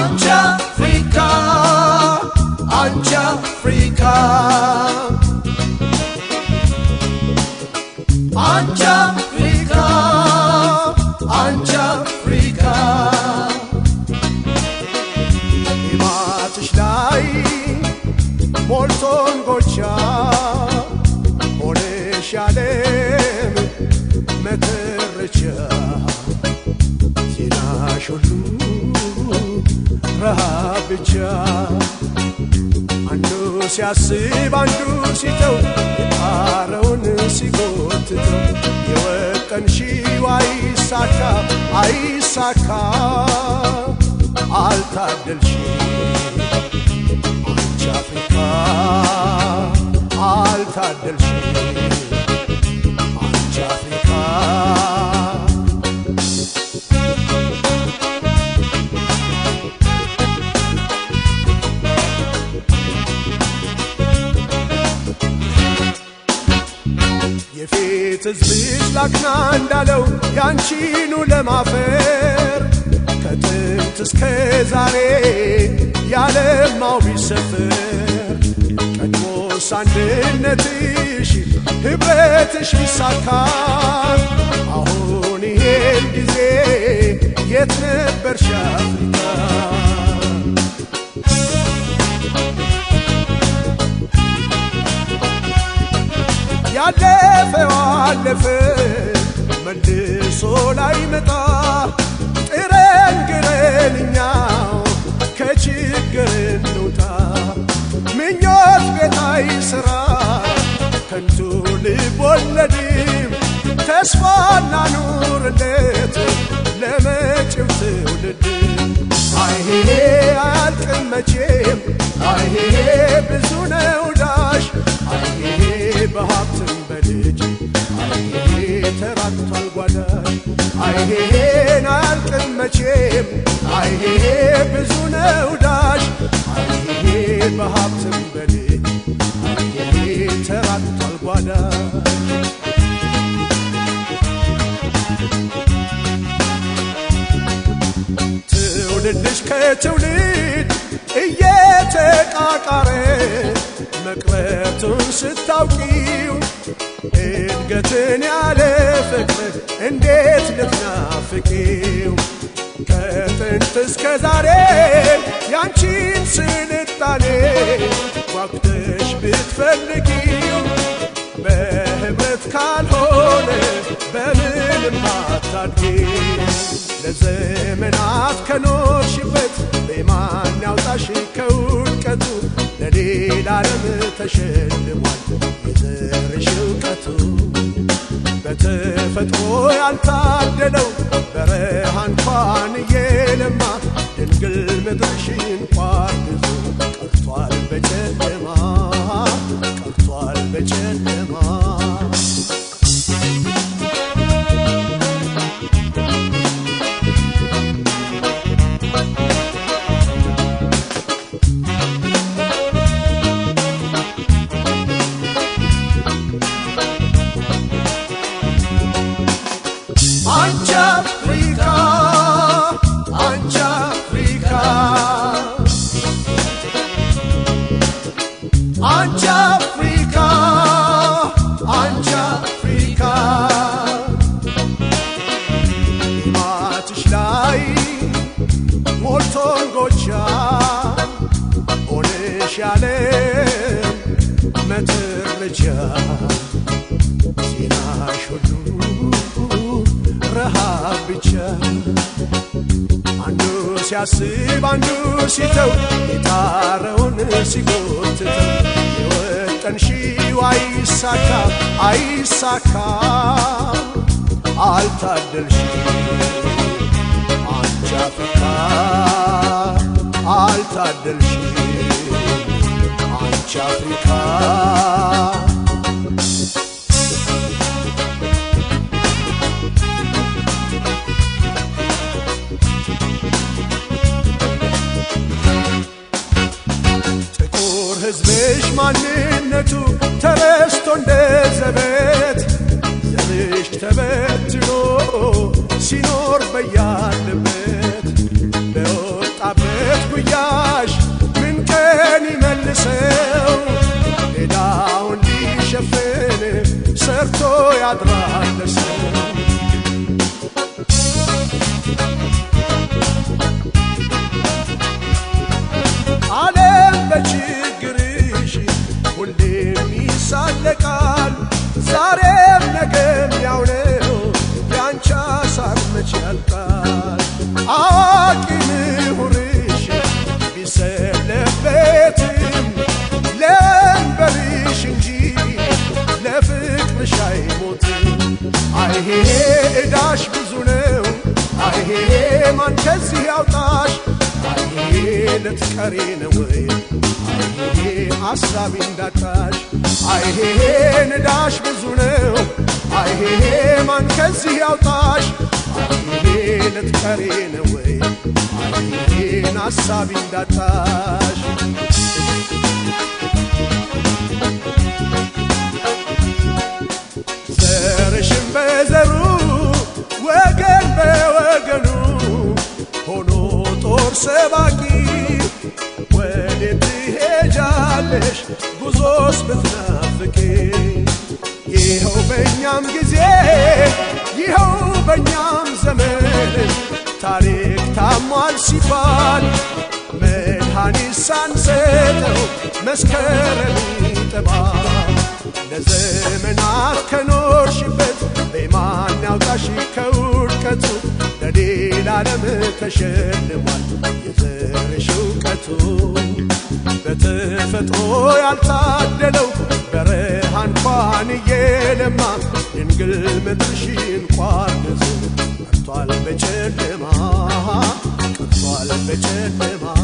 Ancha Africa, Ancha Africa. ግማሽ ሁሉ ረሃብ ብቻ አንዱ ሲያስብ አንዱ ሲተው የጣረውን ሲጎትተው የወጠን ሺው አይሳካ አይሳካ አልታደልሽ አንቺ አፍሪካ አልታደልሽ ላክና እንዳለው ያንቺኑ ለማፈር ከጥንት እስከ ዛሬ ያለማው ቢሰፍር ቀድሞስ አንድነትሽ ኅብረትሽ ቢሳካ አሁን ይሄን ጊዜ የት ነበርሽ አፍሪካ አለፈ መልሶ ላይመጣ ጥረን ግረን እኛው ከችግር እንውጣ። ምኞት ቤት ስራ ከንቱ ልብ ወለድም ተስፋ እናኑርለት ለመጪው ትውልድ። አይሄ አያልቅም መቼም አይሄ ብዙ ነው ዳሽ አይሄ በሀብት ልጅ አይሄ ተራቅቷል ጓዳ አይሄን አልቅም መቼም አይሄ ብዙ ነው ዳሽ አይሄ በሀብትም በኔ አይሄ ተራቅቷል ጓዳ ትውልድሽ ከትውልድ እየተቃቃረ መቅረቱን ስታውቂው እድገትን ያለ ፍቅር እንዴት ልትናፍቂው? ከጥንት እስከ ዛሬ ያንቺን ስልጣኔ ጓጉተሽ ብትፈልጊው በህብረት ካልሆነ በምንም ለዘመናት ከኖርሽበት ያውጣሽ ከውል ለኔ ለዓለም ተሸልሟል የዘርሽ እውቀቱ በተፈጥሮ ያልታደለው በረሃ እንኳን እየለማ ድንግል ምድርሽ Sky molton gocha oleshale metrlecha sinash hudu ረሃብ ብቻ አንዱ ሲያስብ አንዱ ሲተው የታረውን ሲጎትተው የወጠንሽው ሺው አይሳካ አይሳካ አልታደልሽ ደፍታ አልታደልሽም አንቺ አፍሪካ ጥቁር ህዝብሽ ማንነቱ ተረስቶ እንደ ዘበት ዘርሽ ተበትኖ ሲኖር በያ ታድራለሽ ዓለም ሁሌም ዛሬም መች አዋቂ ምሁር ሕይወት ከዚህ ያውጣሽ። ነው አይሄ አሳቢ እንዳጣሽ። አይሄ ንዳሽ ብዙ ነው። አይሄ ማን ከዚህ ያውጣሽ። አይሄ ልትቀሪ ነው አይሄን አሳቢ እንዳጣሽ ሰባኪ ወዴት ትሄጃለሽ ጉዞስ ብትናፍቂ ይኸው በእኛም ጊዜ ይኸው በእኛም ዘመን ታሪክ ታሟል ሲባል መድኃኒት ሳንሰጠው መስከረም ጠባ ለዘመናት ከኖርሽበት በማን ያውጣሽ ከውድቀቱ ለዘላለም ተሸልሟል የዘርሽ እውቀቱ በተፈጥሮ ያልታደለው በረሃ እንኳን እየለማ ድንግል ምድርሽ እንኳን ብዙ ቀርቷል በጨለማ ቀርቷል በጨለማ